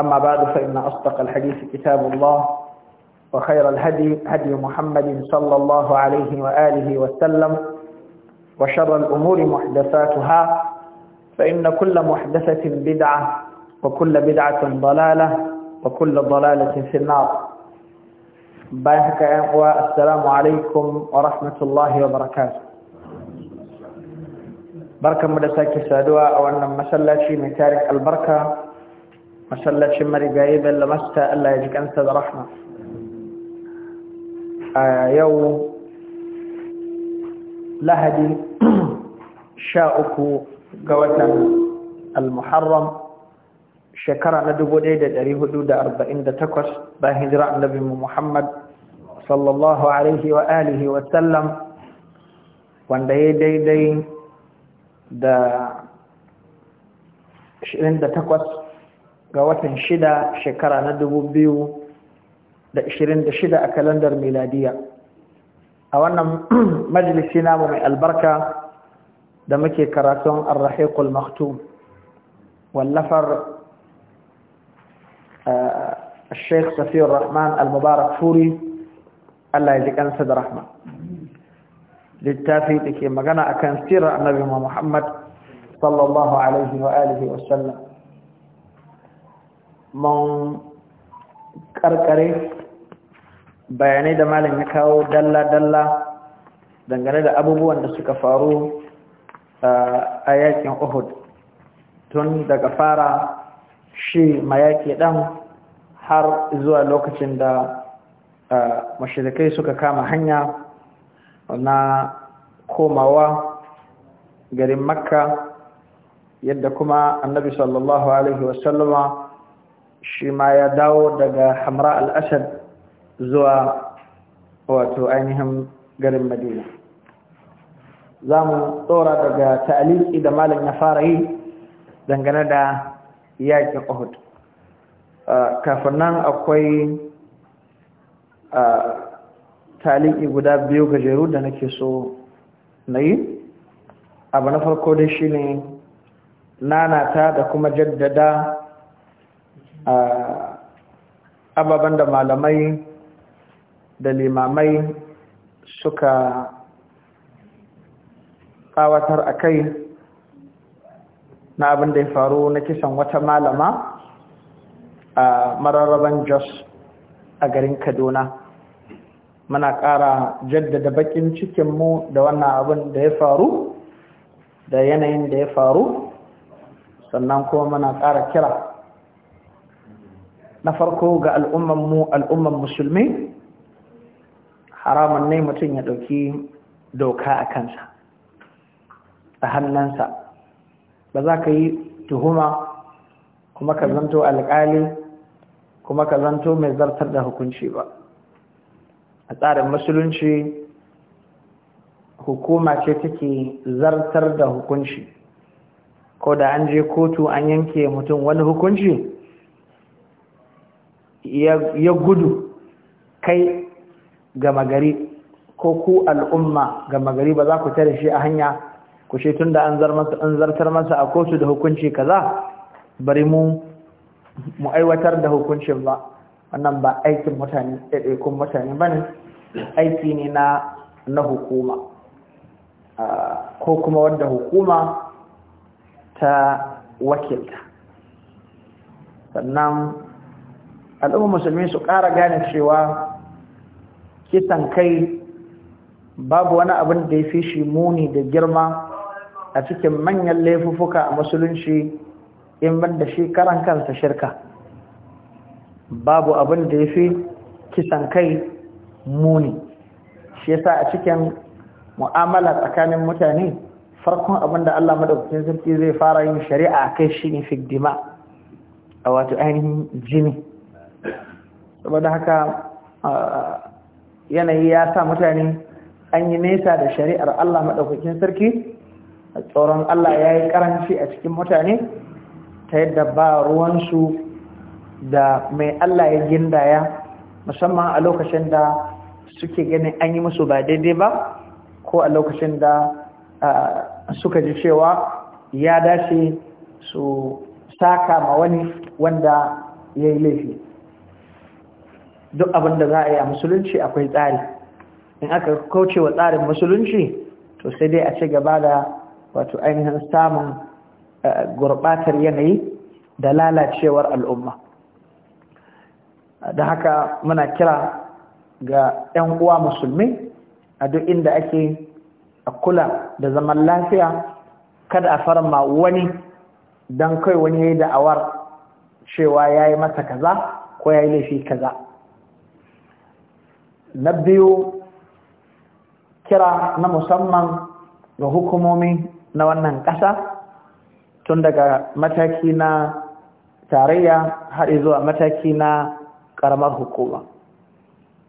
أما بعد فإن أصدق الحديث كتاب الله وخير الهدي هدي محمد صلى الله عليه وآله وسلم وشر الأمور محدثاتها فإن كل محدثة بدعة وكل بدعة ضلالة وكل ضلالة في النار بارك والسلام عليكم ورحمة الله وبركاته بركة مدساك سادوا أو أن مسلاتي من تارك البركة ما شاء الله شمري قايبة إلا مستة ألا يجيك أنت برحمة آه، يو لهدي شاءك قوتنا المحرم شكرا ندبو ديدة دريه دودة أربعين دتكوس باهد رأى النبي محمد صلى الله عليه وآله وسلم وان دي دي دي دا شرين دتكوس ga watan shida shekara na dubu biyu da ishirin da shida a kalandar miladiya a wannan majalisi namu mai albarka da muke karatun arrahiqul maktum wallafar الشيخ سفير الرحمن المبارك فوري الله يجزيكم rahma littafi da ke magana akan sirar annabi Muhammad sallallahu alaihi wa alihi mun karkare bayanai da malam ya kawo dalla-dalla dangane da abubuwan da suka faru a yakin uhud tun daga fara shi mayaki ɗan har zuwa lokacin da mashirikai suka kama hanya na komawa garin makka yadda kuma annabi sallallahu alaihi wasallama shi ma ya dawo daga hamra al'ashar zuwa wato ainihin garin madina za mu tsora daga ta'aliki da malam ya fara yi dangane da yaƙin ohud kafin nan akwai ta'aliki guda biyu gajeru da nake so na yi abu na farko dai shine nanata da kuma jaddada ababen da malamai da limamai suka tsawatar a kai na abin da ya faru na kisan wata malama a mararraban jos a garin kaduna muna ƙara jaddada bakin cikinmu da wannan abin da ya faru da yanayin da ya faru sannan kuma muna ƙara kira na farko ga al'umman mu al'umman musulmi haramun ne mutum ya ɗauki doka a kansa a hannunsa ba za ka yi tuhuma kuma ka zanto alƙali kuma ka zanto mai zartar da hukunci ba a tsarin musulunci hukuma ce take zartar da hukunci ko da an je kotu an yanke mutum wani hukunci ya gudu kai gama gari ko ku al'umma gama gari ba za ku tare shi a hanya ku shi tun da an zartar masa a kotu da hukunci kaza bari mu aiwatar da hukuncin ba wannan ba aikin mutane ɗaiɗaikun mutane ba ne aiki ne na na hukuma ko kuma wanda hukuma ta wakilta sannan al'umman musulmi su ƙara gane cewa kisan kai babu wani abin da ya fi shi muni da girma a cikin manyan laifuffuka a musulunci in ban da shi karan kansa shirka babu abin da ya fi kisan kai muni shi yasa a cikin mu'amala tsakanin mutane farkon abin da Allah madaukakin sarki zai fara yin shari'a kai shi ne fiddima a wato ainihin jini saboda haka yanayi ya sa mutane an yi nesa da shari'ar Allah maɗaukakin sarki tsoron Allah ya yi ƙaranci a cikin mutane ta yadda ba ruwansu da mai Allah ya gindaya musamman a lokacin da suke ganin an yi musu ba daidai ba ko a lokacin da suka ji cewa ya dace su saka ma wani wanda ya yi laifi duk abin da za a yi a musulunci akwai tsari in aka kauce wa tsarin musulunci to sai dai a ci gaba da wato ainihin samun eh, gurbatar yanayi da lalacewar al'umma da haka muna kira ga 'yan uwa musulmi a duk inda ake kula da zaman lafiya kada a farma wani don kai wani ya yi da'awar cewa ya yi masa kaza ko ya yi laifi kaza na biyu kira na musamman ga hukumomi na wannan ƙasa tun daga mataki na tarayya har zuwa mataki na ƙaramar hukuma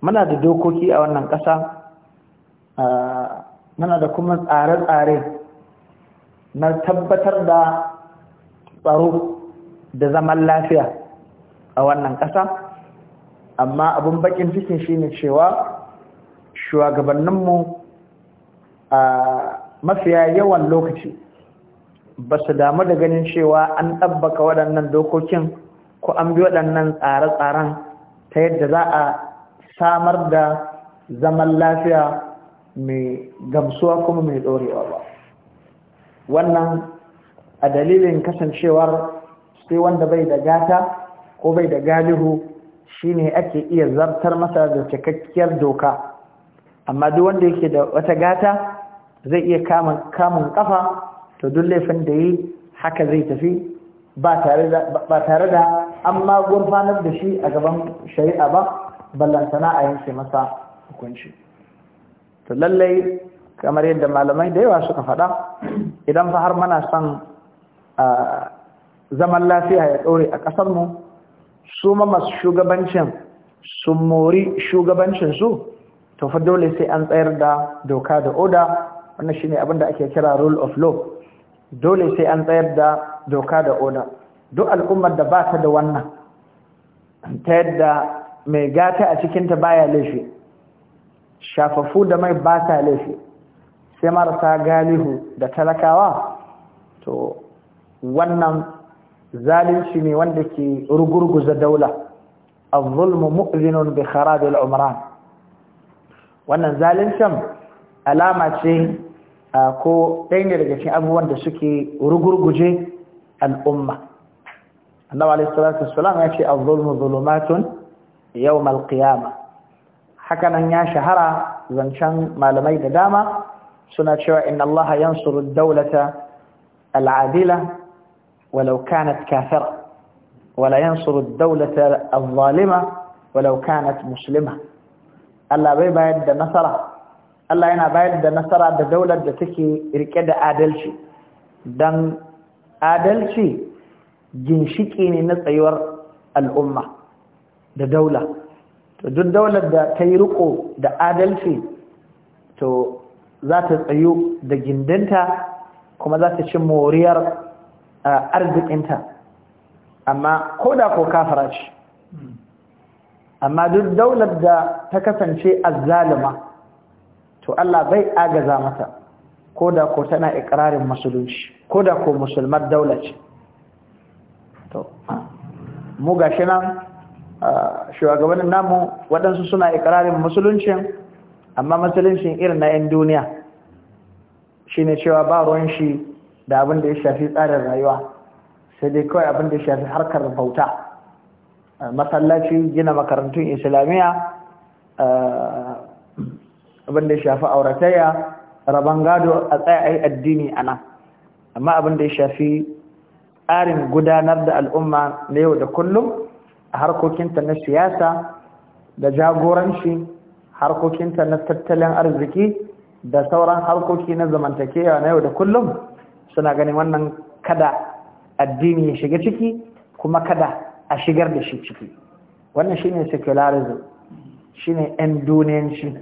muna da dokoki a wannan ƙasa muna da kuma tsare-tsare na tabbatar da tsaro da zaman lafiya a wannan ƙasa amma abin bakin cikin shi ne cewa shugabanninmu a mafiya yawan lokaci ba su damu da ganin cewa an ɗabbaka waɗannan dokokin ko an bi waɗannan tsare-tsaren ta yadda za a samar da zaman lafiya mai gamsuwa kuma mai ɗorewa ba wannan a dalilin kasancewar sai wanda bai da gata ko bai da galihu ne ake iya zartar masa da cikakkiyar doka amma duk wanda yake da wata gata zai iya kamun kamun kafa to duk laifin da yi haka zai tafi ba tare da an gurfanar da shi a gaban shari'a ba ballantana a yanke masa hukunci to lallai kamar yadda malamai da yawa suka faɗa idan fa har mana son ah, zaman lafiya ya ɗore a ƙasarmu su ma masu shugabancin sun mori shugabancinsu to fa dole sai an tsayar da doka da oda wannan shine abin da ake kira rule of law dole sai an tsayar da doka da oda duk al'ummar da ba ta da wannan ta yadda mai gata a cikinta baya laifi shafafu da mai ba ta laifi sai marasa galihu da talakawa to wannan zalunci ne wanda ke rugurguza daula az-zulmu mu'linun bi umran wannan zaluncin alama ce ko ɗaya daga cikin abubuwan da suke rugurguje al'umma annabi alayhi salatu wassalam ya ce az-zulmu zulumatun yawm al hakanan ya shahara zancen malamai da dama suna cewa inna allaha yansuru ad-dawlata al-adila ولو كانت كافرة ولا ينصر الدولة الظالمة ولو كانت مسلمة Allah bai bayar da nasara Allah yana bayar da nasara da daular da take rike da adalci dan adalci ginshiki ne na tsayuwar al'umma da daula to duk daular da ta yi riko da adalci to za ta tsayu da gindinta kuma za ta ci moriyar arzikinta amma ko da ko kafara ce amma duk daular da ta kasance azzalima to Allah bai agaza mata ko da ko tana ikrarin musulunci ko da ko musulmar daular ce to mu gashi nan shugabannin namu waɗansu suna ikrarin musuluncin amma musuluncin irin na 'yan duniya shine cewa ba ruwan shi da abin da ya shafi tsarin rayuwa sai dai kawai abin da ya shafi harkar bauta eh, masallaci gina makarantun islamiyya eh, abin da ya shafi auratayya rabon gado a tsaye addini a nan amma abin da ya shafi tsarin gudanar da al'umma na yau da kullum a harkokinta na siyasa da jagoranci harkokinta na tattalin arziki da sauran harkoki na zamantakewa na yau da kullum suna ganin wannan kada addini ya shiga ciki kuma kada a shigar da shi ciki wannan shine secularism shine ɗan duniyanci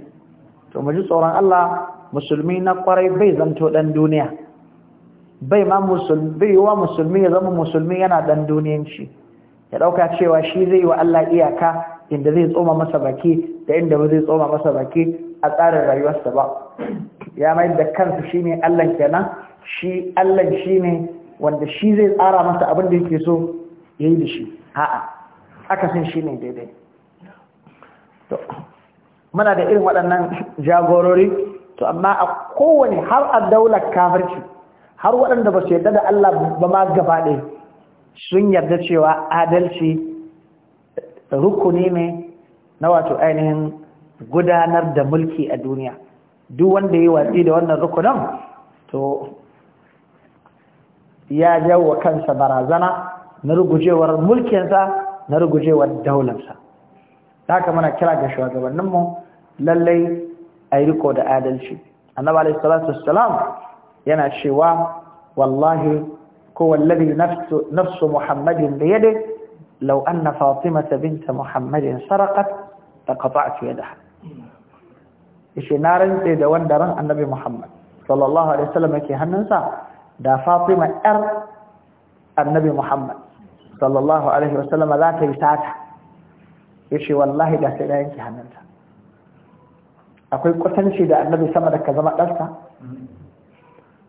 to mu ji tsoron Allah musulmi na kwarai bai zanto ɗan duniya bai ma musulmi musulmi ya zama musulmi yana ɗan duniyanci ya ɗauka cewa shi zai wa Allah iyaka inda zai tsoma masa baki da inda ba zai tsoma masa baki a tsarin rayuwarsa ba ya mai da kansa shine Allah kenan shi Allah shi ne wanda shi zai tsara masa abin da yake so ya yi da shi a'a akasin shi ne daidai to muna da irin waɗannan jagorori to amma a kowane har a daular kafirci har waɗanda ba su yarda da Allah ba ma gaba sun yarda cewa adalci rukuni ne na wato ainihin gudanar da mulki a duniya duk wanda ya watsi da wannan rukunan to ya jawo kansa barazana na rugujewar mulkinsa na rugujewar daularsa ta haka mana kira ga shugabanninmu lallai a yi riko da adalci annaba alaihi salatu salam yana cewa wallahi ko wallabi nafsu muhammadin da yade lau anna fatimata binta muhammadin sarakat da qata'tu yadaha Ishe na rantse da wanda ran annabi muhammad sallallahu alaihi wasallam yake hannunsa da Fatima ƴar Annabi Muhammad sallallahu alaihi wasallam za ta yi sata yace wallahi da sai da yanki hannunta akwai kwatanci da Annabi sama da ka zama ɗarsa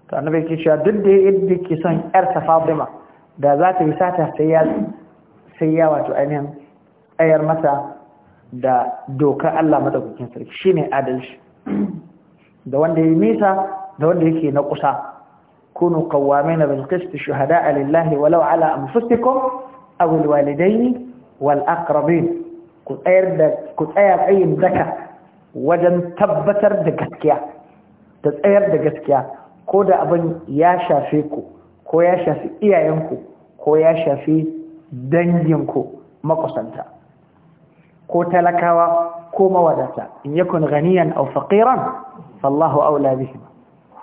to Annabi yake cewa duk da yadda ke son ƴar ta Fatima da za ta yi sata sai ya sai ya wato ainihin ayar mata da dokar Allah madaukakin sarki shine adalci da wanda ya yi nisa da wanda yake na kusa كونوا قوامين بالقسط شهداء لله ولو على أنفسكم أو الوالدين والأقربين كنت أير عين ذكا وجن تبتر دكتكيا تتأير دكتكيا كودا أبن ياشا فيكو كو ياشا في إيانكو كو ياشا في دنجنكو مقصنتا كو تلكوا كو مودتا إن يكن غنيا أو فقيرا فالله أولى بهما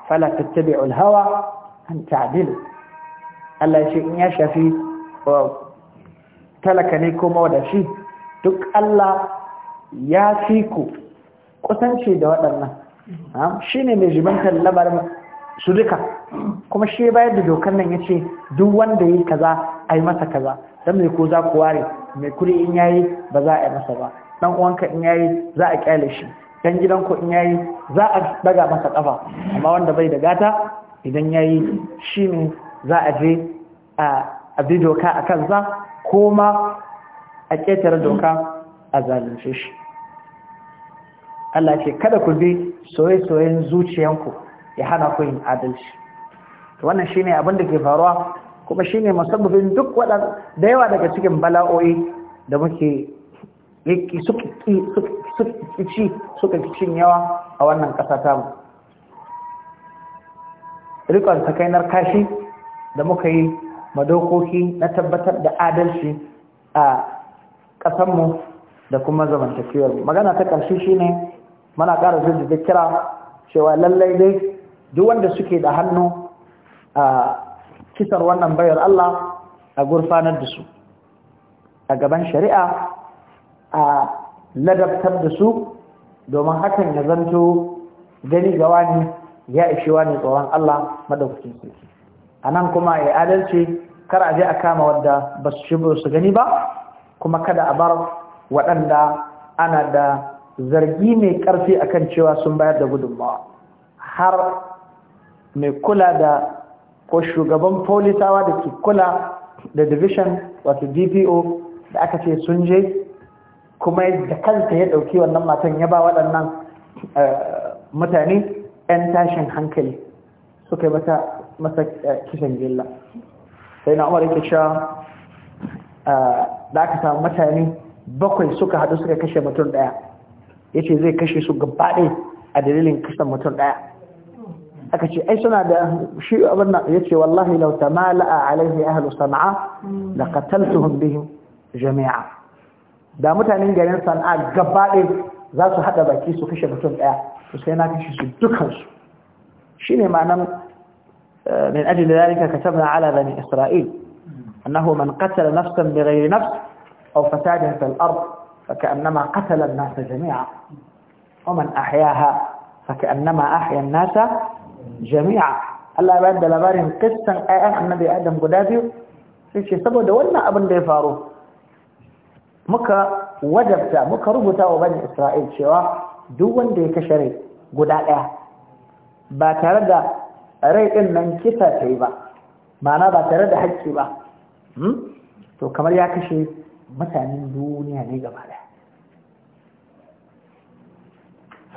فلا تتبعوا الهوى an ta'dilu Allah ya ce in ya shafi talaka ne ko mawadashi duk Allah ya fi ku kusanci da waɗannan shi ne mai jibantar labarin su duka kuma shi bayar da dokar nan ya ce duk wanda yi kaza a yi masa kaza don mai ko za ku ware mai kuri in yayi ba za a yi masa ba Ɗan uwanka in yayi za a kyale shi dan gidanku in yayi za a daga masa ƙafa. amma wanda bai da gata idan ya yi shi ne za a je a bi doka a kansa ko ma a ƙetare doka a zalunce shi Allah ce kada ku bi soye-soyen zuciyanku ya hana ku yin adalci wannan shine abin da ke faruwa kuma shi ne musabbabin duk waɗanda da yawa daga cikin bala'o'i da muke suka ci suka cin yawa a wannan ƙasa tamu rikon sakainar kashi da muka yi madokoki na tabbatar da adalci a ƙasanmu da kuma zamantakewar magana ta ƙarshe shine mana ƙara da kira cewa lallai dai duk wanda suke da hannu a kisar wannan bayar Allah a gurfanar da su a gaban shari'a a ladabtar da su domin hakan ya zanto gani gawa ne ya ishewa ne tsoron Allah madaukakin sarki nan kuma ya adalci kar a je a kama wadda ba su shi su gani ba kuma kada a bar waɗanda ana da zargi mai ƙarfi akan cewa sun bayar da gudunmawa har mai kula da ko shugaban polisawa da ke kula da division wato dpo da aka ce sun je kuma da kanta ya ɗauki wannan matan ya ba waɗannan eh, mutane 'yan tashin hankali suka yi masa eh, kisan jilla sai na umar yake cewa ah, da aka samu mutane bakwai suka haɗu suka kashe mutum ɗaya ya ce zai kashe su gabaɗe a dalilin kisan mutum ɗaya aka ce ai suna da shi abin nan ya ce wallahi lau mala'a alaihi ahlu sana'a da qataltuhum bihim jami'a da mutanen garin sana'a gabaɗe za su haɗa baki su kashe mutum daya to sai na kashe su dukansu shine ne ma'anan min ajli dalika katabna ala bani isra'il annahu man qatala nafsan bighayri nafs aw fasada fil ard fa qatala an-nasa jami'a wa man ahyaha fa ahya an-nasa jami'a Allah ya da labarin kissan ayyan annabi Adam guda biyu sai ce saboda wannan abin da ya faru muka wajabta muka rubuta wa bani Isra'il cewa duk wanda ya kashe rai guda ɗaya ba tare da rai ɗin nan kisa ta yi ba ma'ana ba tare da haƙƙi ba hmm? to kamar ya kashe mutanen duniya ne gaba ɗaya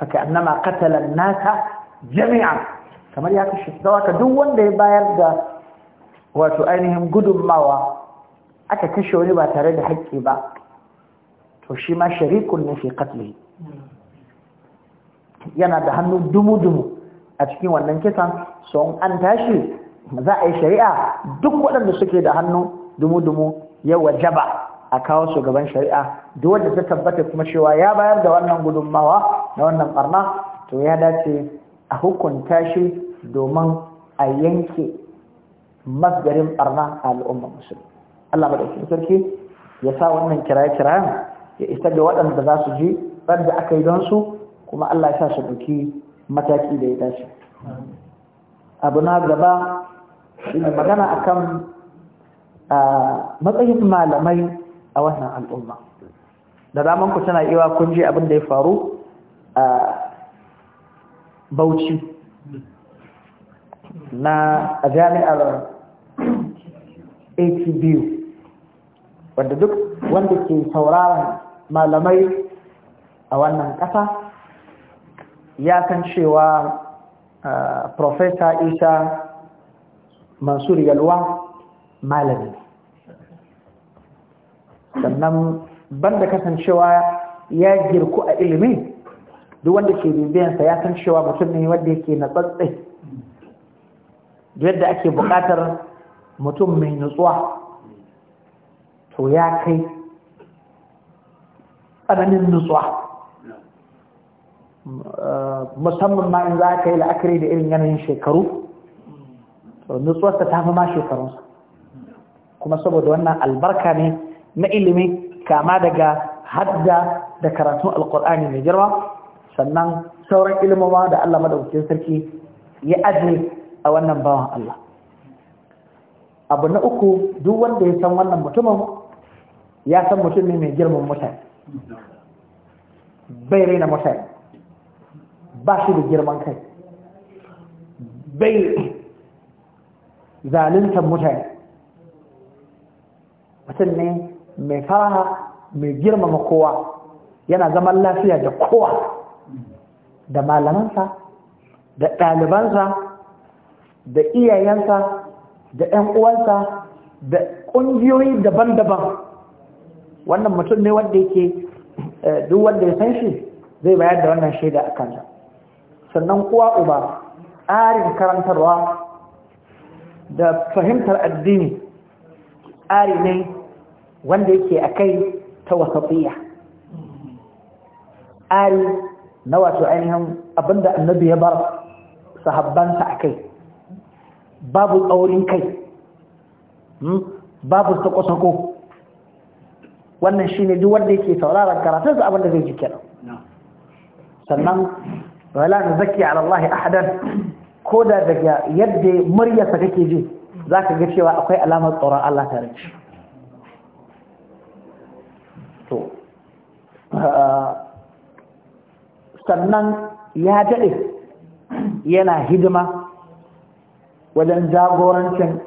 faka annama qatalan nata, jami'a kamar ya kashe dawaka duk wanda ya bayar da wato ainihin gudunmawa aka kashe wani ba tare da haƙƙi ba to shi ma sharikun ne fi yana da hannu dumu-dumu a cikin wannan kisan son an tashi za a yi shari'a duk waɗanda suke da hannu dumu-dumu ya wajaba a kawo su gaban shari'a duk wanda ta tabbata kuma cewa ya bayar da wannan gudunmawa na wannan barna to ya dace a hukunta shi domin a yanke masgarin barna a al'ummar musulmi Allah madaukakin sarki ya sa wannan kiraye-kirayen ya isa ga waɗanda za su je da aka yi don su kuma Allah ya sa su ɗauki mataki da ya dace abu na gaba shine magana akan matsayin malamai a wannan al'umma da zamanku tana iya kun je abin da ya faru a Bauchi na a jami'ar ATBU wanda duk wanda ke sauraron malamai a wannan ƙasa ya kan cewa Profesa Isa Mansur Yalwa malami sannan banda kasancewa ya girku a ilimi duk wanda ke bibiyansa ya san cewa mutum ne wanda yake na natsatsai yadda ake buƙatar mutum mai nutsuwa to ya kai tsananin nutsuwa musamman ma in za ka yi la'akari da irin yanayin shekaru nutsuwarsa ta fi ma shekarunsa kuma saboda wannan albarka ne na ilimi kama daga hadda da karatun alkur'ani mai girma sannan sauran ilimoma da Allah madaukakin sarki ya ajiye a wannan bawan Allah abu na uku duk wanda ya san wannan mutumin ya san mutum ne mai girman mutane bai raina mutane ba shi da girman kai bai zaluntar mutane mutum ne mai fara mai girmama kowa yana zaman lafiya da kowa da malamansa da ɗalibansa da iyayensa da ‘yan uwansa da ƙungiyoyi daban-daban wannan mutum ne wanda yake eh, duk wanda ya san shi zai bayar da wannan shaida a kansa sannan kuwa uba tsarin karantarwa da fahimtar addini tsari ne wanda yake a kai ta wasafiya tsari na wato ainihin abinda annabi ya bar sahabbansa a kai babu tsaurin kai hmm, babu sako-sako wannan shi duk wanda yake sauraron karatun su abin zai ji kenan sannan wala nuzaki ala Allah ahadan ko da daga yadda muryarsa kake ji zaka ga cewa akwai alamar tsoron Allah tare da shi sannan ya daɗe yana hidima wajen jagorancin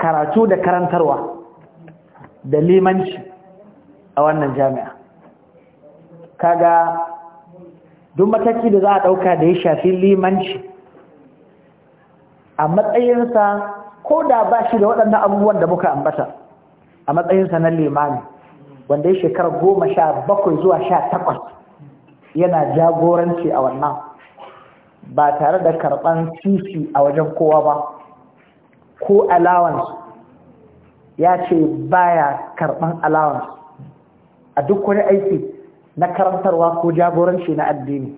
karatu da karantarwa da limanci a wannan jami'a kaga duk mataki da za a ɗauka da ya shafi limanci a matsayinsa ko da ba shi da waɗannan abubuwan da muka ambata a matsayinsa na limani wanda ya shekara goma sha bakwai zuwa sha takwas yana jagoranci a wannan ba tare da karɓan sisi a wajen kowa ba ko alawansu. ya ce baya karɓan allowance a duk wani aiki na karantarwa ko jagoranci na addini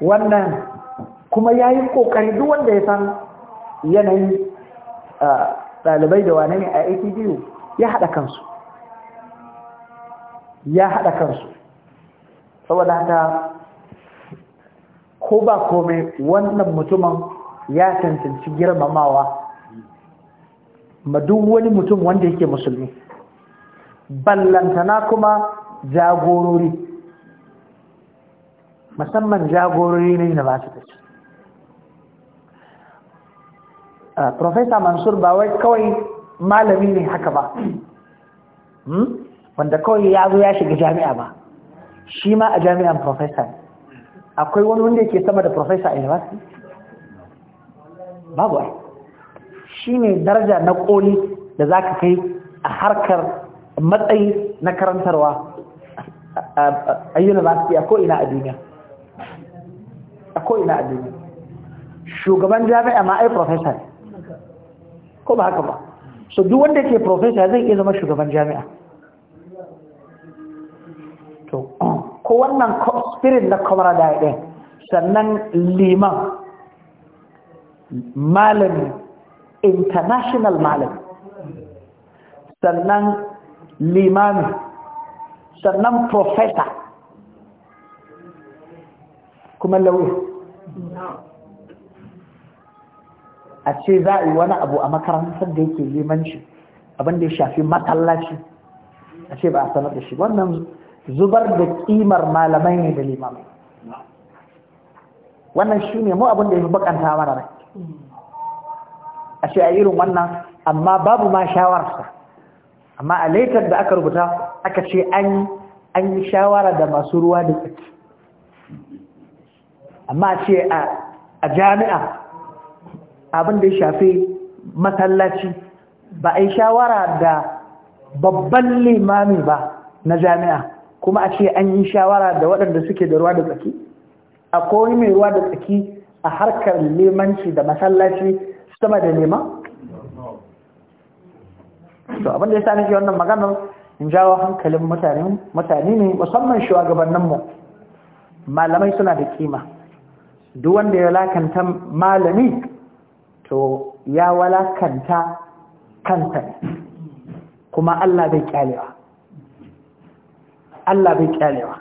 wannan kuma ya yi ƙoƙari duk wanda ya san yanayin ɗalibai da wane ne a biyu ya haɗa kansu ya haɗa kansu saboda haka ko ba komai wannan mutumin ya cancanci girmamawa ma duk wani mutum wanda yake musulmi ballantana kuma jagorori musamman jagorori na university Profesa Mansur ba wai kawai malami ne haka ba hmm? wanda kawai ya zo ya shiga jami'a ba shi ma a jami'an profesa akwai wani wanda yake sama da profesa a university babu ai shi ne daraja na koli da za ka kai a harkar matsayi na karantarwa a university a ko'ina a duniya a ko'ina a duniya shugaban jami'a ma ai professor ko ba haka ba so duk wanda ke professor zai iya zama shugaban jami'a ko wannan spirit na kamar da ya ɗaya sannan liman malami international malami sannan limami sannan professor kuma lauya a ce za a yi wani abu a makarantar da yake limanci abinda ya shafi matsalaci a ce ba a sanar da shi wannan zubar da kimar malamai ne da limamai wannan shi ne mu abinda ya fi bakanta mana rai a ce a irin wannan amma babu ma shawararsa amma a laitar da aka rubuta aka ce an yi shawara da masu ruwa da tsaki amma a ce a jami'a abin da ya shafi matsalaci ba a yi shawara da babban limami ba na jami'a kuma a ce an yi shawara da waɗanda suke da ruwa da tsaki a kowani mai ruwa da tsaki a harkar limanci da masallaci sama da nema? to abinda ya sa nake wannan maganar in jawo hankalin mutane mutane ne musamman shugabanninmu malamai suna da kima duk wanda ya lakanta malami to ya walakanta kanta kuma Allah bai kyalewa Allah bai kyalewa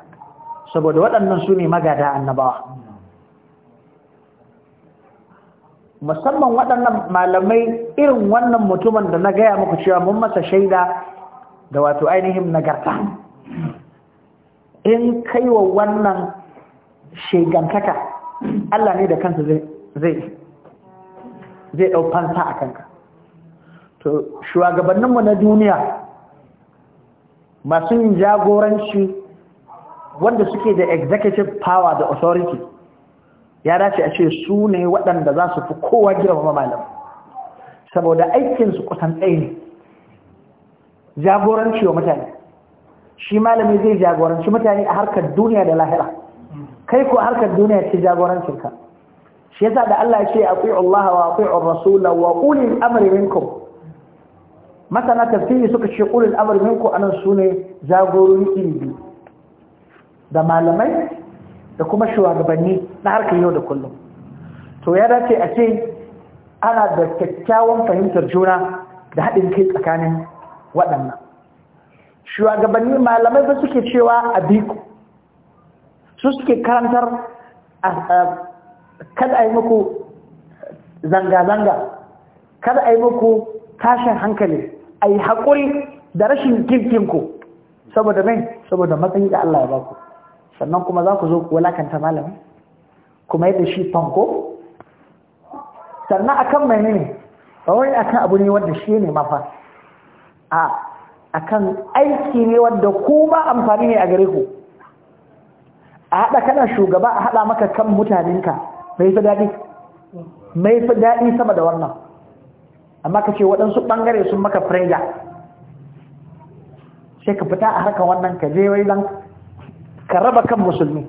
saboda waɗannan su ne magada annabawa musamman waɗannan malamai irin wannan mutumin da na gaya muku cewa mun masa shaida da wato ainihin nagarta in kaiwa wa wannan shegantaka Allah ne da kansa zai zai ɗau a kanka to shugabanninmu na duniya masu yin jagoranci wanda suke da executive power da authority ya dace a ce su ne waɗanda za su fi kowa girmama malam saboda aikinsu kusan tsaye ne jagoranci wa mutane shi malami zai jagoranci mutane a harkar duniya da lahira kai ko harkar duniya ce jagorancinka shi yasa da Allah ya ce ati'u Allah wa ati'u Rasula wa ulil amri minkum masana tafsiri suka ce ulil amri minkum anan ne jagorori iri da malamai da kuma shugabanni na harkar yau da kullum to ya dace a ce ana da kyakkyawan fahimtar juna da haɗin kai tsakanin waɗannan shugabanni malamai ba suke cewa a biku su suke karantar kada a yi muku zanga-zanga kada a yi muku tashin hankali a yi haƙuri da rashin kirkinku saboda mai saboda matsayi da Allah ya baku sannan kuma za ku zo ku walakanta malami kuma yadda shi fanko sannan a kan mai ne ba wai akan abu ne wanda shi ne mafa a kan aiki ne wanda kuma amfani ne a gare ku a haɗa kana shugaba a haɗa maka kan mutanenka mai fi daɗi mai fi daɗi sama da wannan amma ka ce waɗansu ɓangare sun maka frega sai ka fita a harkar wannan ka je wai zanka. ka raba kan musulmi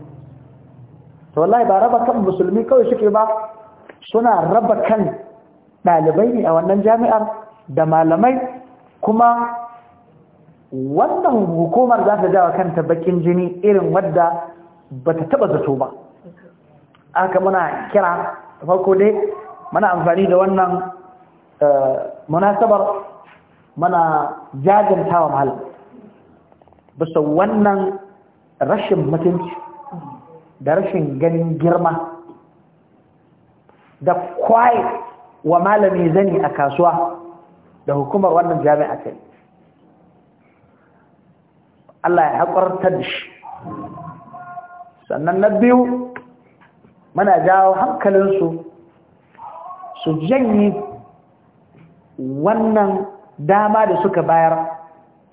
to wallahi ba raba kan musulmi kawai suke ba suna raba kan ɗalibai ne a wannan jami'ar da malamai kuma wannan hukumar za ta jawa kanta bakin jini irin wadda ba ta taba zato ba aka muna kira farko dai muna amfani da wannan eh, munasabar mana jajantawa malam bisa wannan rashin mutunci da rashin ganin girma da kwaye wa malami zani a kasuwa da hukumar wannan jami'a kai Allah ya haƙwarta da shi sannan na biyu muna jawo hankalinsu su janye wannan dama da suka bayar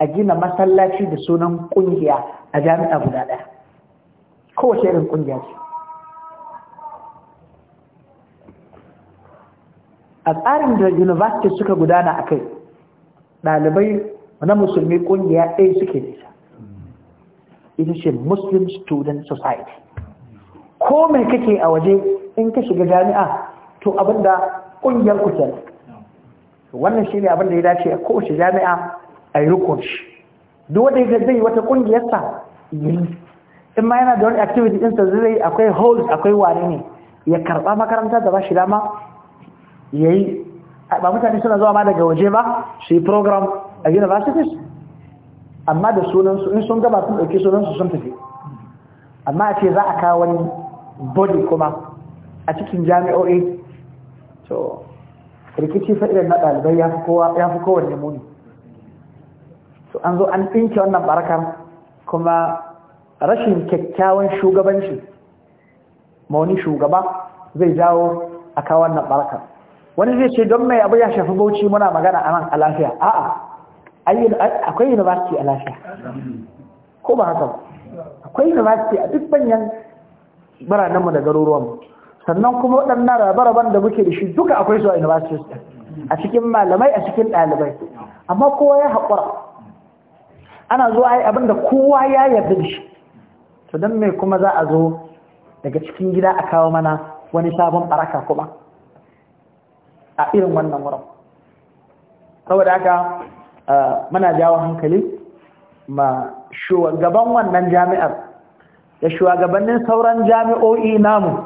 a gina masallaci da sunan kungiya a jami'a guda ɗaya kowace irin kungiya ce a tsarin da university suka gudana a kai ɗalibai na musulmi kungiya ɗaya suke nisa ita ce muslim student society ko mai kake a waje in ka shiga jami'a to abinda kungiyar ku wannan shine abin da ya dace a kowace jami'a a yi rukun shi duk wadda ya zai wata kungiyarsa yi in ma yana da wani activity sa zai akwai hold akwai wane ne ya karba makaranta da ba shi dama ya yi ba mutane suna zuwa ma daga waje ba su yi program a universities amma da sunansu in sun gaba sun ɗauki sunansu sun tafi amma a ce za a kawo wani body kuma a cikin jami'o'i to rikici fa irin na ɗalibai ya fi kowanne muni so an zo an tsinke wannan barakar kuma rashin kyakkyawan shugabanci ma wani shugaba zai jawo a kawo wannan barakar wani zai ce don mai abu ya shafi bauchi muna magana a nan a lafiya a'a akwai university a lafiya ko ba haka akwai university a duk manyan biranenmu da garuruwanmu sannan kuma waɗannan rabe-raben da muke da shi duka akwai su a universities a cikin malamai a cikin ɗalibai amma kowa ya haƙura ana zuwa yi da kowa ya yarda da shi to don mai kuma za a zo daga cikin gida a kawo mana wani sabon baraka kuma a irin wannan wurin saboda haka muna jawo hankali ma shugaban wannan jami'ar da shugabannin sauran jami'o'i namu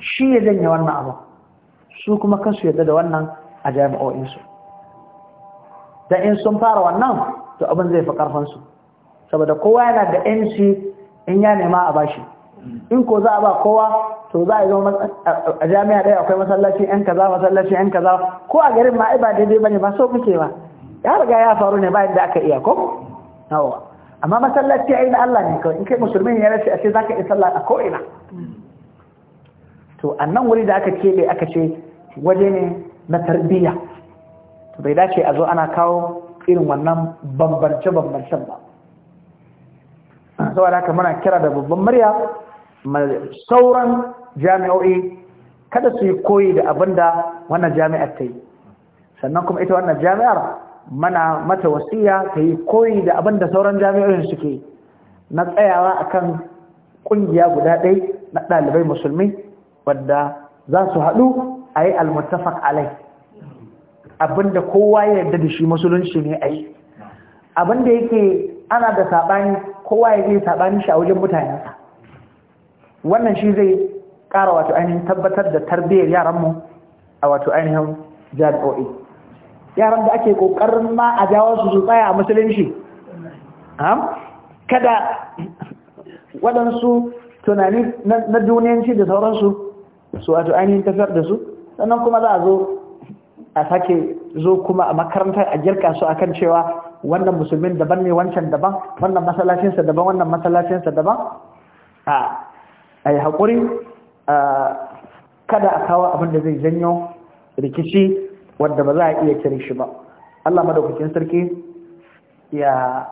shi ya janye wannan abu su kuma kansu yadda da wannan a jami'o'insu da in sun fara wannan to abin zai fi karfansu saboda kowa yana da yanci in ya nema a bashi in ko za a ba kowa to za a yi a jami'a ɗaya akwai masallaci yan kaza masallaci yan kaza ko a garin ma ai ba daidai bane ba so muke ba ya riga ya faru ne bayan da aka iya ko nawa amma masallaci ai na Allah ne kawai in kai musulmi ya rashi a ce zaka yi sallah a ko to annan wuri da aka kebe aka ce waje ne na tarbiyya to bai dace a zo ana kawo irin wannan bambance-bambancen ba saboda haka muna kira da babban murya sauran jami'o'i kada su yi koyi da abin da wannan jami'ar ta yi sannan kuma ita wannan jami'ar mana mata wasiya ta yi koyi da abin da sauran jami'o'in suke na tsayawa a kan ƙungiya guda ɗai na ɗalibai musulmi wadda za su haɗu a yi almuttafaq alai abinda kowa ya yarda da shi musulunci ne ai abinda yake ana da sabani kowa ya zai sabani shi a wajen mutanensa wannan shi zai ƙara wato ainihin tabbatar da tarbiyyar yaranmu a wato ainihin jami'o'i yaran da ake ƙoƙarin ma a jawo su su tsaya a musulunci kada waɗansu tunani na duniyanci da sauransu su wato ainihin tafiyar da su sannan kuma za a zo a sake zo kuma a makarantar a girka su akan cewa wannan musulmin daban ne wancan daban wannan masallacinsa daban wannan masallacinsa daban a ai haƙuri kada a kawo abin da zai janyo rikici wanda ba za a iya cire shi ba Allah madaukakin sarki ya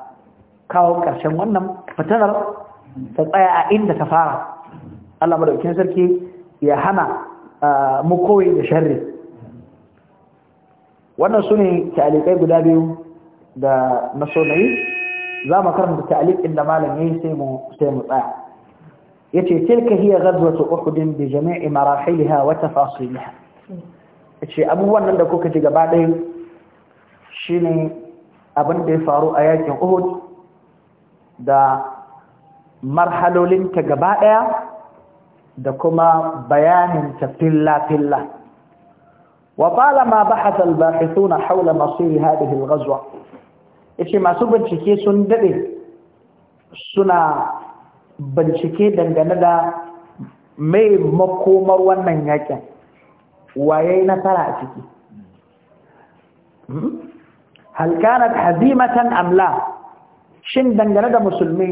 kawo ƙarshen wannan fitanar ta tsaya a inda ta fara Allah madaukakin sarki ya hana mu koyi da sharri wannan su ne ta'alikai guda biyu da masonayi za mu karanta ta'alikin da malam yayi sai mu sai mu tsaya yace tilka hiya ghazwatu uhud bi jami'i marahilha wa tafasiliha yace abubuwan nan da kuka ji gaba ɗaya shine abin da ya faru a yakin uhud da marhalolinta ta gaba ɗaya da kuma bayanin ta filla filla وطالما بحث الباحثون حول مصير هذه الغزوة yace masu bincike sun dade suna bincike dangane da mai makomar wannan yakin waye nasara a ciki hmm? hal kanat hazimatan am la shin dangane da musulmi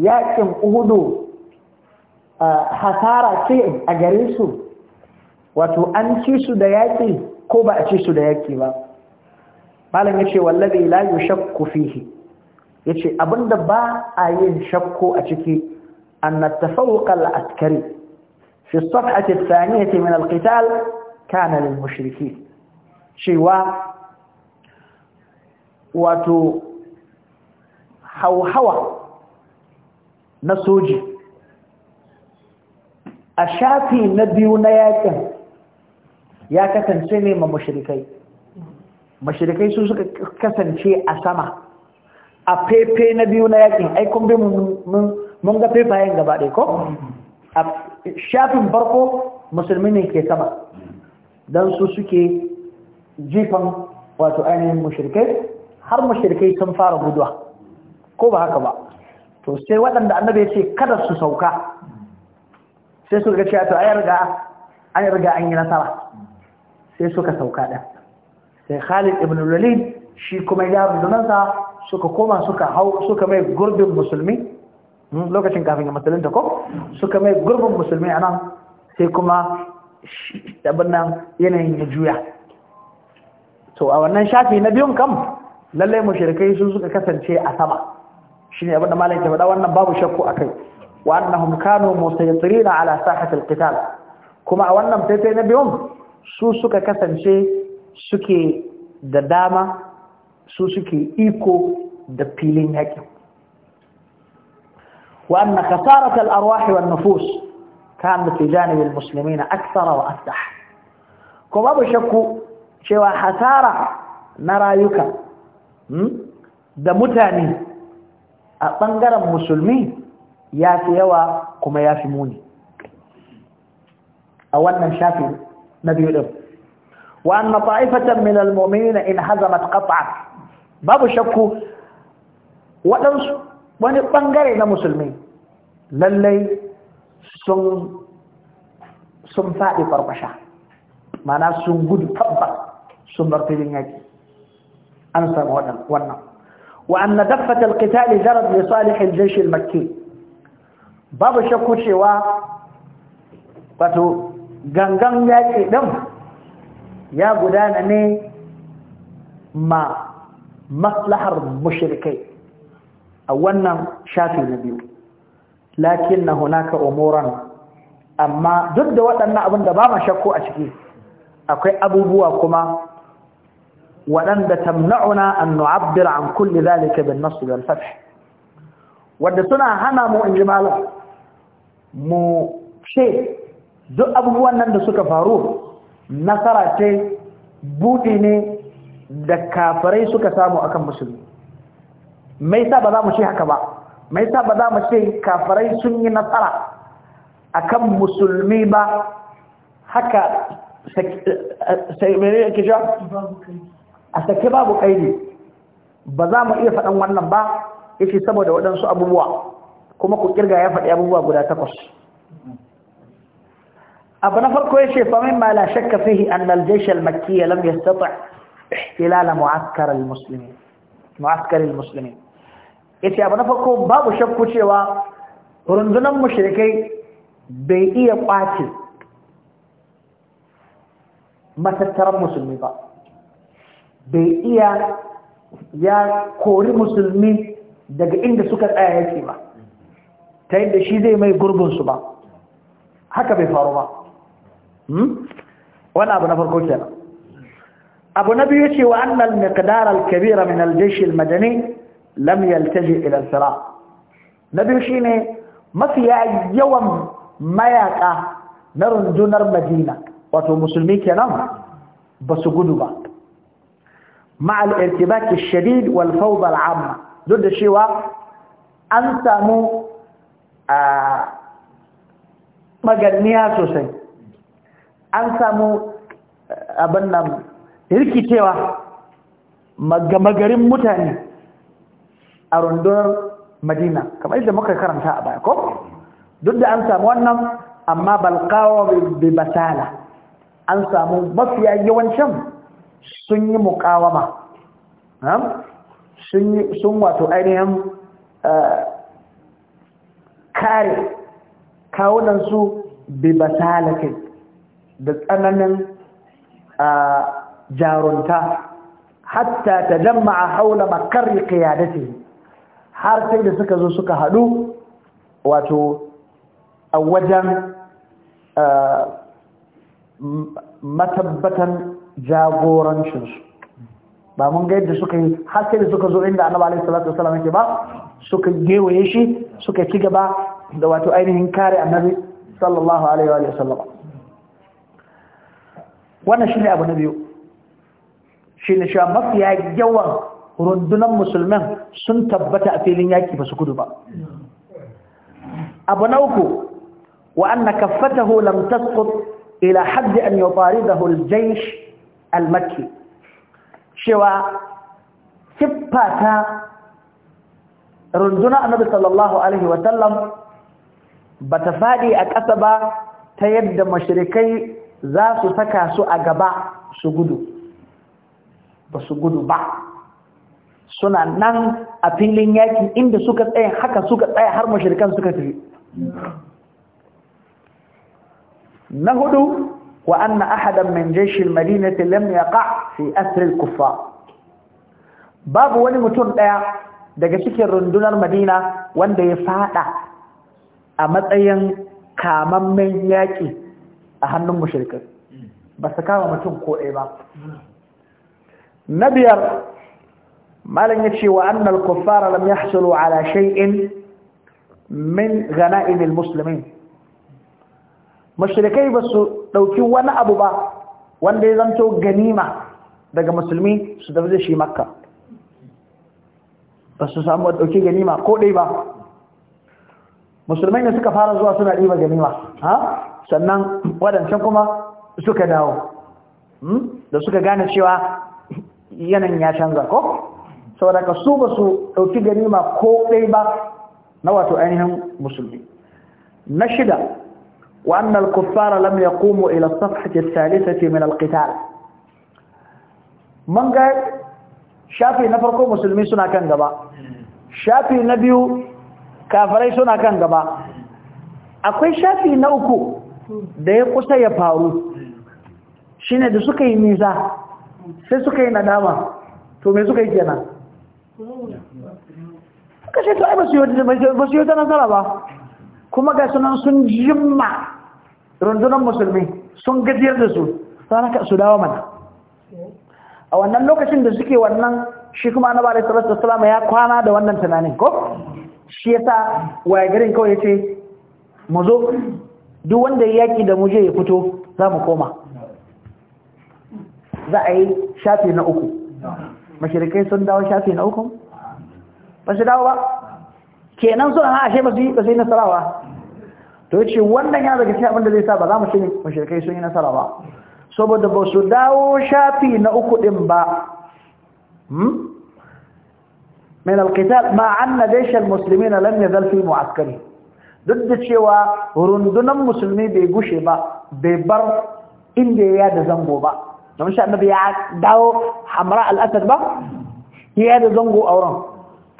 yakin uhudu eh, hasara ce a gare su wato an ci su da yaƙi ko ba a ci su da yaƙi ba malam ya ce wallabi la yi shakku fihi ya ce abinda ba a yin shakku a ciki an na tafawuƙar askari fi safhati tsaniyati min alqital kana lil mushriki cewa wato hauhawa na soji a shafi na biyu na yakin ya kasance ne ma mashirikai mashirikai su suka kasance a sama a fefe na biyu na yakin aikon bi mun ga fefayen gaba ɗai ko? a shafin barko musulmi ne ke sama don su suke jifan wato ainihin mashirikai har mashirikai sun fara guduwa ko ba haka ba to sai waɗanda annabi ya ce kada su sauka sai su ga cewa to an riga an yi nasara sai suka sauka ɗan sai khalid ibn walid shi kuma ya rundunansa suka koma suka hau suka mai gurbin musulmi hmm, lokacin kafin ya musulunta ko suka mai gurbin musulmi a nan sai kuma abin nan yanayin ya juya to a wannan shafi na biyun kam lallai mushrikai sun suka kasance a sama shine abin da malam ke faɗa wannan babu shakku akai kai annahum kanu musaytirina ala sahati alqital kuma a wannan faifai na biyun su suka kasance suke da dama su suke iko da filin yaƙi وأن خسارة الأرواح والنفوس كانت في جانب المسلمين أكثر وأفتح كما بشكو cewa hasara na rayuka hmm, da mutane a ɓangaren musulmi ya fi yawa kuma ya fi muni a wannan shafi نبي إرض وأن طائفة من المؤمنين إن هزمت قطعة باب شكو ولنس ونطنقرنا مسلمين للي سم سم فائد فرقشا معنا سم قد فبا سن برتدين يجي أنسا وانا وأن دفة القتال جرت لصالح الجيش المكي باب شكو شواء باتو gangan yaƙi ɗin ya gudana ne ma maslahar mushrikai a wannan shafi na biyu lakin na hunaka umuran amma duk da waɗannan abin da ba ma shakko a ciki akwai abubuwa kuma waɗanda tamna'una an nu'abbir an kulli zalika bin nasu bil fath Wadda suna hana mu in malam mu ce duk abubuwan nan da suka faru nasara ce buɗe ne da kafirai suka samu akan musulmi mai sa ba za mu ce haka ba mai sa ba za mu ce kafirai sun yi nasara akan musulmi ba haka sai mene yake sha a sake babu kaidi ba za mu iya faɗan wannan ba yake saboda waɗansu abubuwa kuma ku kirga ya faɗi abubuwa guda takwas abu na farko ya fa mimma la shakka fihi anna jaysh al-makki lam yastati' ihtilal mu'askar al-muslimin mu'askar al-muslimin yace abu na farko babu shakku cewa rundunan mushrikai bai iya kwace matattaran musulmi ba bai iya ya kori musulmi daga inda suka tsaya yake ba ta yadda shi zai mai gurbinsu ba haka bai faru ba wani abu na farko kenan abu na biyu ce wa annal miqdar al-kabira min al-jaysh al-madani lam yaltaji ila al-sira na biyu shine mafiya yawan mayaka na rundunar madina wato musulmi kenan ba su gudu ba مع الارتباك الشديد والفوضى العامة ضد الشيوة أنت مو آه مجنية سوسي an samu eh, abin nan rikicewa garin mutane a rundunar madina kamar yadda muka karanta a baya ko duk da an samu wannan amma balkawa bai basala an samu mafiya yawancin sun yi mukawama sun wato ainihin eh, kare kawunansu basala kai da tsananin jarunta hatta ta a haula makarri ce, har sai da suka zo suka hadu wato a wajen matabbatan jagorancinsu ba mun ga yadda suka yi har sai da suka zo inda annabi alaihi salatu wasallam yake ba suka gewaye shi suka ci gaba da wato ainihin kare annabi sallallahu alaihi wa sallam wannan shine abu na biyu shine cewa mafiya yawan rundunar musulman sun tabbata a filin yaki ba su gudu ba abu na uku wa anna kaffatahu lam tasqut ila hadd an yutaridahu aljaysh almakki al-makki cewa siffata runduna annabi sallallahu alaihi wa sallam bata fadi a ƙasa ba ta yadda mashirikai za su saka su a gaba su gudu ba su gudu ba suna nan a filin yaki inda suka tsaya haka suka tsaya har mashirkan suka tafi na hudu wa anna ahadan min jeshin madinati lam yaqa fi asr al babu wani mutum daya daga cikin rundunar Madina wanda ya fada a matsayin kamammen yaki a hannun mushrikai ba su kama mutum ko ɗaya ba na biyar malam ya ce wa annal kuffara lam yahsulu ala shay'in min ghana'im almuslimin mushrikai ba su dauki wani abu ba wanda ya zanto ganima daga musulmi su tafi da shi makka ba su samu dauki ganima ko ɗaya ba musulmai ne suka fara zuwa suna ɗiba ganima ha sannan wadancan kuma suka dawo da suka gane cewa yanan ya canza ko saboda ka su ba su ɗauki ganima ko ɗai ba na wato ainihin musulmi na shida wa annal kuffara lam yaqumu ila safhati thalithati min alqital man ga shafi na farko musulmi suna kan gaba shafi na biyu kafirai suna kan gaba akwai shafi na uku da ya kusa ya faru ne da suka yi nisa sai suka yi nadama to me suka yi kenan suka ce to ai ba su yi ta nasara ba kuma ga sunan sun jimma rundunar musulmi sun gajiyar da su sanaka su dawo mana a wannan lokacin da suke wannan shi kuma na alaihi salatu salama ya kwana da wannan tunanin ko shi sa waya garin kawai ce mu zo duk wanda ya yaki da muje ya fito za mu koma za a yi shafi na uku mashirikai sun dawo shafi na uku ba su dawo ba kenan suna ha ashe ba su yi ba su yi nasarawa to ce wannan ya daga cikin da zai sa ba za mu ce mashirikai sun yi nasara ba saboda ba su dawo shafi na uku din ba من القتال مع أن جيش المسلمين لم يزل في معسكره duk da cewa rundunan musulmi bai gushe ba bai bar inda ya da zango ba don sha annabi ya dawo hamra al-asad ba ya da zango a wurin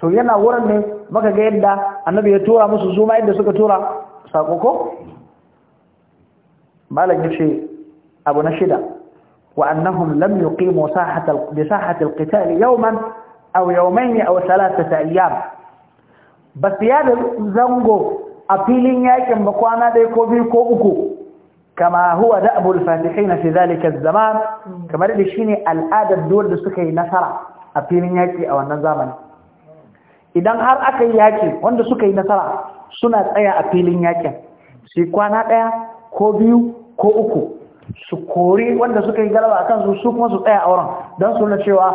to yana wurin ne maka ga yadda annabi ya tura musu zuma yadda suka tura sako ko malam yace abu na shida wa annahum lam yuqimu sahata bi sahati al-qital yawman aw yawmayn aw thalathata ayyam bas ya da zango a filin yakin ba kwana ɗaya ko biyu ko uku kama huwa da abul na fi zalika zama kamar da ne al'adar duwar da suka yi nasara a filin yaki a wannan zamani idan har aka yi yaki wanda suka yi nasara suna tsaya a filin yakin su kwana ɗaya ko biyu ko uku su kori wanda suka yi galaba akan su su kuma su tsaya a wurin don su cewa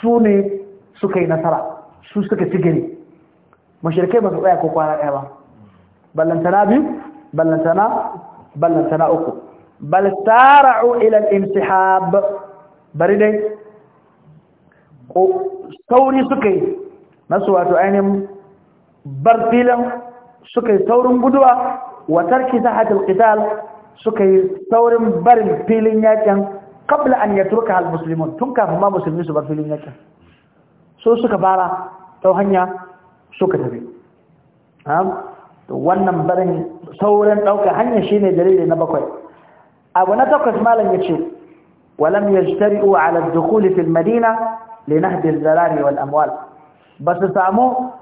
su ne suka yi nasara su suka ci gari mashirkai ba su tsaya ko kwana ɗaya ba ballantana biyu ballantana ballantana uku bal sara'u ila al-imtihab bari dai sauri suka yi nasu wato ainihin barfilan suka yi saurin guduwa wa tarki sahatul qital suka yi saurin barin filin yakin kabla an yatruka al muslimun tun kafin ma musulmi su bar filin yakin so suka bara ta hanya suka tafi to wannan barin saurin ɗaukar hanyar shine dalili na bakwai abu na takwas malam ya ce walam yajtari'u ala ad-dukhul fi al-madina li al-zalal wal amwal bas samu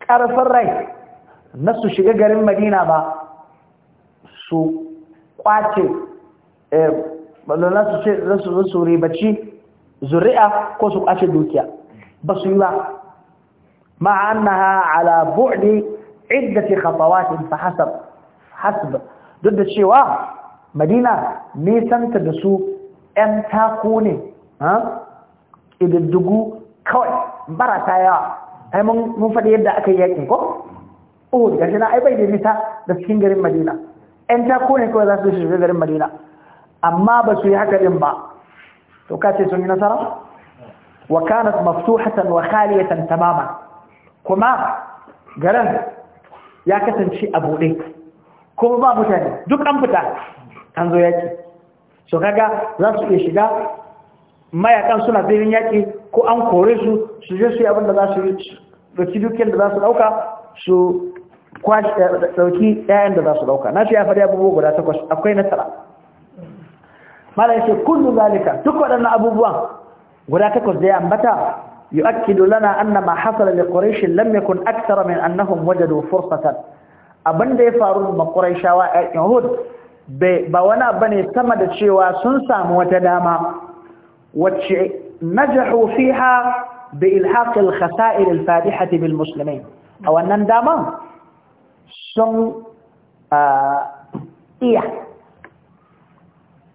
karfin rai na su shiga garin madina ba su kwace eh balona su ce ribaci zuri'a ko su kwace dukiya ba su yi ba ma'annaha ala bu'di iddati khatawatin fa hasab duk da cewa madina nisanta da su ‘yan tako ne, ididdugu kawai barata yawa, ai mun faɗi yadda aka yi yakin ko? Oh, da shi na aibai da nita da cikin garin Madina, ‘yan tako ne kawai za su shiga garin Madina, amma ba su yi haka ɗin ba, to ka ce sun yi nasara? Wa kanat maftuhatan wa khaliyatan tamaman, kuma garin ya kasance a buɗe Ko ba mutane duk an fita an zo yaki so kaga za su iya shiga mayakan suna filin yaki ko an kore su su je su yi abin da za su yi dukiyar da za su dauka su kwashi dauki eh, da za su dauka na shi ya faɗi abubuwa guda takwas akwai nasara mala yace kullum zalika duk waɗannan abubuwan guda takwas da ya ambata يؤكد لنا أن ما حصل لقريش لم يكن أكثر من أنهم وجدوا فرصة أبن دي فارون من قريشة وعهود بوانا بني تمد شوى سنسام وتداما ونجحوا فيها بإلحاق الخسائر الفادحة بالمسلمين أو أن نداما سن آه، إيح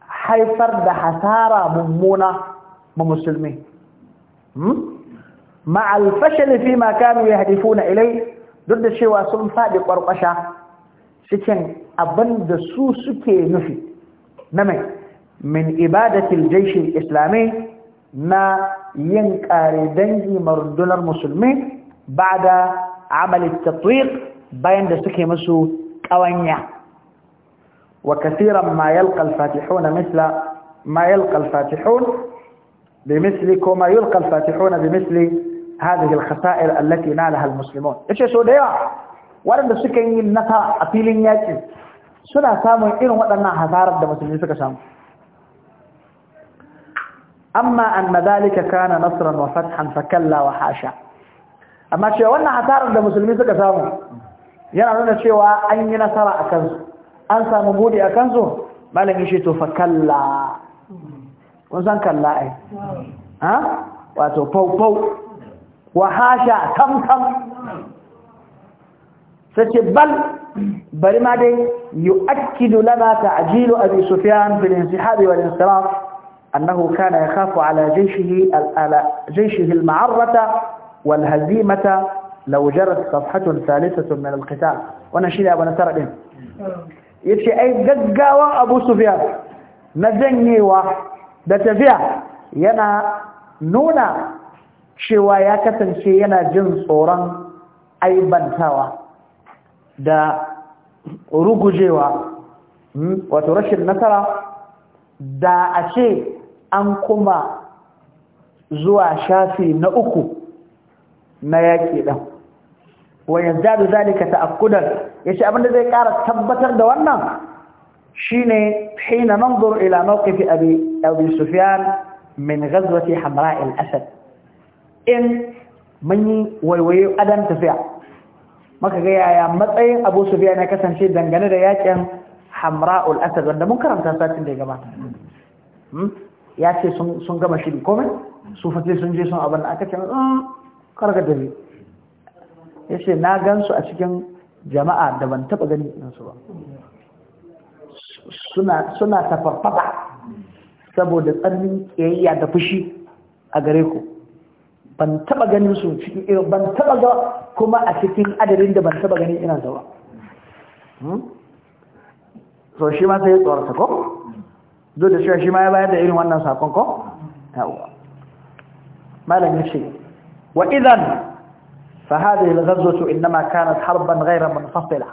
حيثر دحسارة ممونة ممسلمين مع الفشل فيما كانوا يهدفون إليه ضد الشيوى سلم فادي قرقشا سكين أبند سوسكي نفي نمي من إبادة الجيش الإسلامي ما ينكار دنج مردون المسلمين بعد عمل التطويق بين دسكي مسو كوانيا وكثيرا ما يلقى الفاتحون مثل ما يلقى الفاتحون بمثل كما يلقى الفاتحون بمثل هذه الخسائر التي نالها المسلمون yace so da yawa waɗanda suka yi nasa a filin yaƙi suna samun irin waɗannan hasarar da musulmi suka samu amma anna dalika kana nasran wa fathan fakalla wa hasha amma cewa wannan hasarar da musulmi suka samu yana nuna cewa an yi nasara a kansu an samu buɗe a kansu malamin shi to kalla. kun san kalla ai ha wato fau-fau wa hasha tam-tam sace bal bari ma dai yu'akkidu lana ta'jilu abi sufyan bil insihabi wal insiraf annahu kana yakhafu ala jayshihi ala jayshihi al ma'arrata wal hazimata law jarat safhatun thalithatun min al qital wana shi da bana tara din yace ai gaggawa abu sufyan na janyewa da tafiya yana nuna cewa ya kasance yana jin tsoron aibantawa da rugujewa hmm, wato rashin nasara da a ce an kuma zuwa shafi na uku na yaƙi ɗan wani zaɗu zalika ta'akkudan ya ce abinda zai ƙara tabbatar da wannan shine hina nanzur ila mawqif abi abi sufyan min ghazwati hamra al-asad in mun waiwaye adan tafiya maka ga yaya matsayin abu sufyan ya kasance dangane da yakin hamra al-asad wanda mun karanta satin da gabata ya ce sun gama shiri komai su fate sun je sun abin da aka ce karka tafi ya ce na gan su a cikin jama'a da ban taba gani su ba suna suna saboda tsannin kiyayya da fushi a gare ku ban taba ganin su cikin irin ban taba ga kuma a cikin adadin da ban taba ganin ina sa hmm? so shi ma sai ya tsorata ko zo da shi shi ma ya bayar da irin wannan sakon ko yawa ya ce. wa idan fa hadhihi al-ghazwatu inma kanat harban ghayra munfasila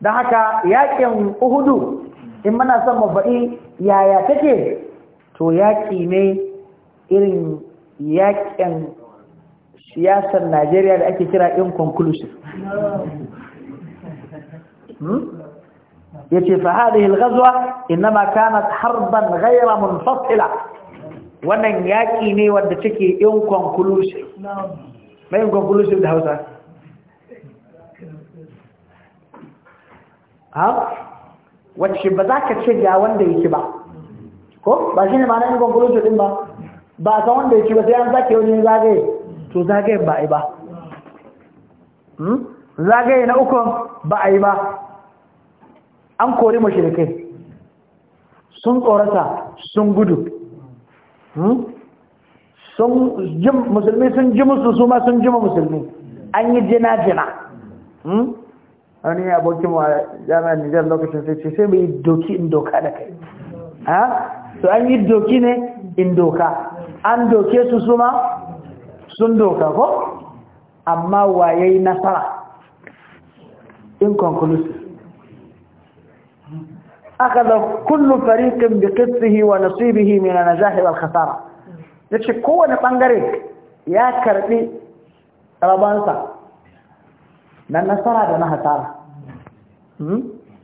don haka yaƙin uhudu in muna son mafaɗi yaya take to yaƙi ne irin yaƙin siyasar najeriya da ake kira inconclusive hmm? ya ce fahadar ilgazuwa inama kanat harban gaira munfasila wannan yaƙi ne wadda take inconclusive mai inconclusive da hausa ha wacce ba za ka ce ga wanda yake ba ko ba shi ne ma nan gwangwalo din ba ba san wanda yake ba sai an zake wani zagaye to zagayen ba a yi ba hmm? zagaye na ukun ba a yi ba an kori mashirikai sun tsorata sun gudu hmm? musulmi sun ji musu su ma sun jima musulmi an yi jina-jina hmm? wani abokin mu a jami'ar Nijar lokacin sai ce sai bai yi doki in doka da kai ha to an yi doki ne in doka an doke su suma sun doka ko amma waye nasara in konkulusi. Aka da inconclusive أخذ كل فريق بقصه ونصيبه من النجاح والخسارة ce kowane bangare ya karbi rabansa na nasara da na hasara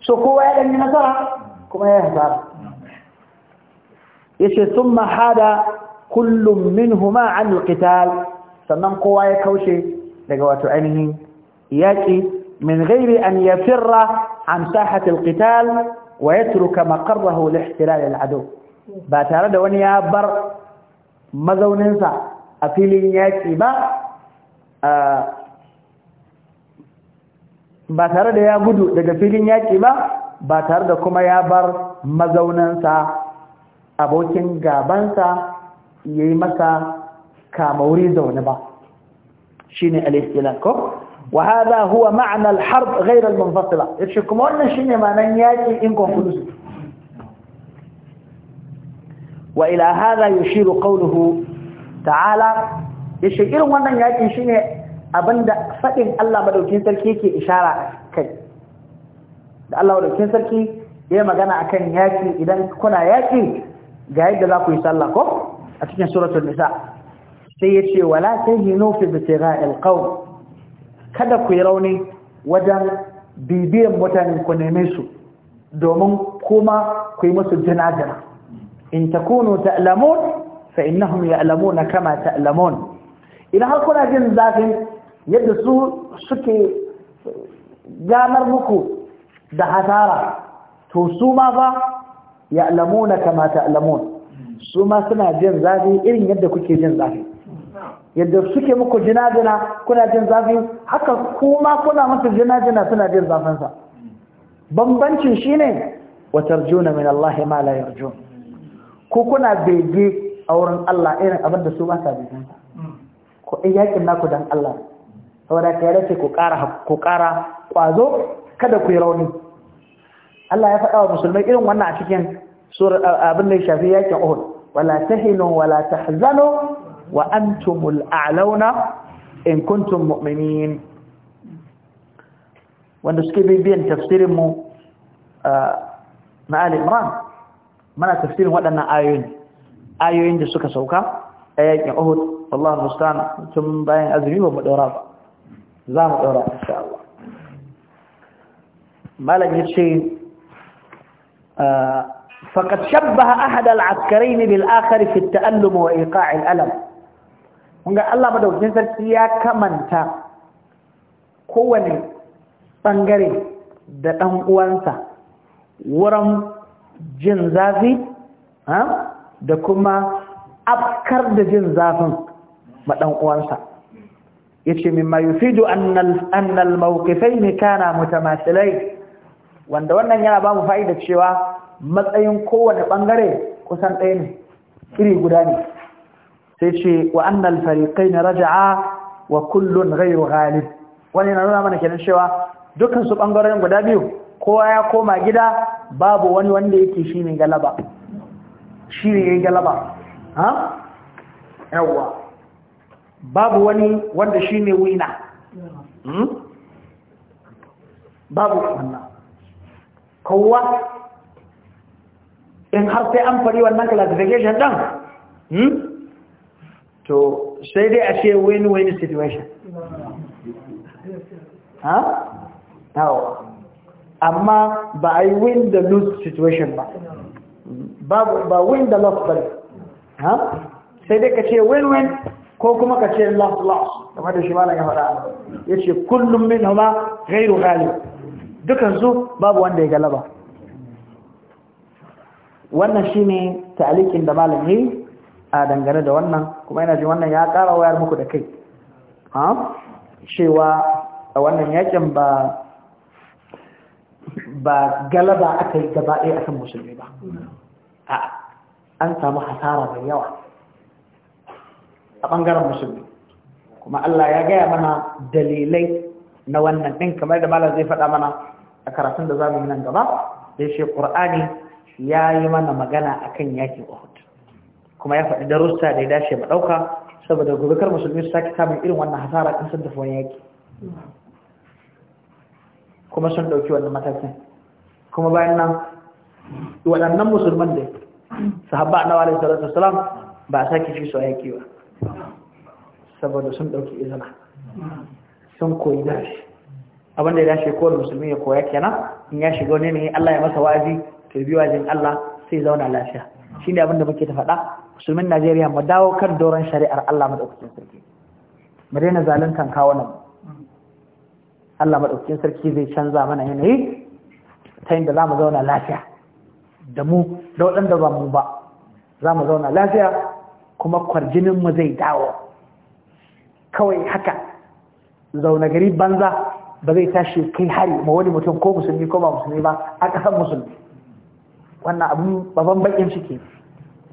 so kowa ya danyi nasara kuma ya hasara yace thumma hada kullum minhuma an alqital sannan kowa ya kaushe daga wato ainihin yaki min ghairi an yafirra an sahati alqital wa yatruka maqarrahu lihtilal aladu ba tare da wani ya bar mazauninsa a filin yaki ba ba tare da ya gudu daga filin yaƙi ba ba tare da kuma ya bar mazaunansa abokin gabansa ya yi masa kamauri zaune ba shi ne al'istilan ko wa haza huwa ma'anar harb gairar manfasila ya kuma wannan shi ne manan yaƙi in conclusive wa ila haza ya shiru ƙaunuhu ta'ala ya irin wannan yaƙin shi ne abinda faɗin Allah madaukin sarki ke ishara a kai da Allah madaukin sarki ya magana akan yaki idan kuna yaki ga yadda za ku yi sallah ko a cikin suratul nisa sai ya ce wala tahinu fi bitigha'il qawm kada ku yi rauni wajen bibiyan mutanen ku neme su domin kuma ku yi musu jinajina in takunu ta'lamun fa innahum ya'lamuna kama ta'lamun idan har kuna jin zafin yadda su suke ganar muku da hasara to su ma ba ya'lamuna kamata ta'lamun su ma suna jin zafi irin yadda kuke jin zafi yadda suke muku jina-jina kuna jin zafi haka kuma kuna musu jina-jina suna jin zafinsa bambancin shi ne watar juna min Allah ma la yarjun ko kuna bege a wurin Allah irin abin da su ba sa begensa ko in yakin naku dan Allah saboda ka yare ce ku ƙara ƙwazo kada ku yi rauni Allah ya faɗa wa musulmai irin wannan a cikin abin da ya shafi yakin Uhud wala ta tahinu wala ta tahzanu wa antumul a'launa in kuntum mu'minin wanda suke bibiyan tafsirin mu na Ali Imran mana tafsirin waɗannan ayoyin ayoyin da suka sauka a yakin Uhud wallahi mustan tun bayan azumi ba mu daura ba زام اورا ان شاء الله مالك شيء آه، فقد شبه احد العسكرين بالاخر في التالم وايقاع الالم ان الله بده جنسك يا كمان تا بانغري da dan uwansa wurin jin zafi ha da kuma afkar da jin zafin ma dan yace mimma yufidu annal annal mawqifain kana mutamathilay wanda wannan yana ba mu fa'ida cewa matsayin kowane bangare kusan ɗaya ne iri guda ne sai ce wa annal fariqain raja'a wa kullun ghayr ghalib Wani yana nuna mana kenan cewa dukkan su bangaren guda biyu kowa ya koma gida babu wani wanda yake shine galaba shine galaba ha yawwa babu wani wanda shi ne wina hmm? babu wannan kowa in har sai an fari wannan classification ɗan hmm? to sai dai a ce win-win situation ha? amma ba a yi win the lose situation ba ba win the loss ba ha? sai dai ka ce win-win ko kuma ka ce las kamar da shi malam ya faɗa ya ce kullum min huma gairu galib dukansu babu wanda ya galaba wannan shine ne ta'alikin da malam yi a dangane da wannan kuma yana ji wannan ya ƙara wayar muku da kai cewa a wannan yakin ba ba galaba aka yi gaba ɗaya akan musulmi ba an samu hasara mai yawa a ɓangaren musulmi kuma Allah ya gaya mana dalilai na wannan ɗin kamar da malam zai faɗa mana a karatun da zamu yi nan gaba da shi ƙur'ani ya yi mana magana akan yakin Uhud kuma ya faɗi darussa da ya dace mu ɗauka saboda gobe kar musulmi su sake samun irin wannan hasara in sun tafi wani yaki kuma sun ɗauki wannan matakin kuma bayan nan waɗannan musulman da sahabba na alaihi salatu wasalam ba a sake shi su a yaki ba saboda sun ɗauki izina sun koyi dashi abinda ya dace kowar musulmi ya koya kenan in ya shiga wani ne Allah ya masa wa'azi ta bi wa'azin Allah sai zauna lafiya shi ne da muke ta faɗa musulmin Najeriya mu dawo kan doron shari'ar Allah madaukakin sarki mu daina zaluntan kawo nan Allah madaukakin sarki zai canza mana yanayi ta yadda mu zauna lafiya da mu da waɗanda ba mu ba za mu zauna lafiya kuma kwarjininmu zai dawo kawai haka zaune gari banza ba zai tashi kai hari ma wani mutum ko musulmi ko ba musulmi ba a ƙasar musulmi wannan abin babban bakin ciki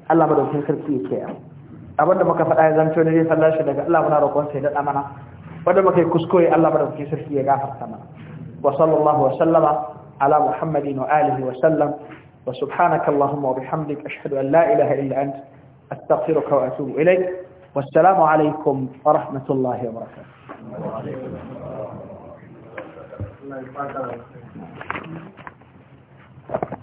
Allah madaukakin sarki yake ya abin da muka faɗa ya zanto ne zai falla shi daga Allah muna roƙon sai da amana wanda muka yi kuskure Allah madaukakin sarki ya gafarta mana wa sallallahu wa sallama ala muhammadin wa alihi wa sallam wa subhanaka allahumma wa bihamdik ashhadu an la ilaha illa anta أستغفرك وأتوب إليك والسلام عليكم ورحمة الله وبركاته Thank you.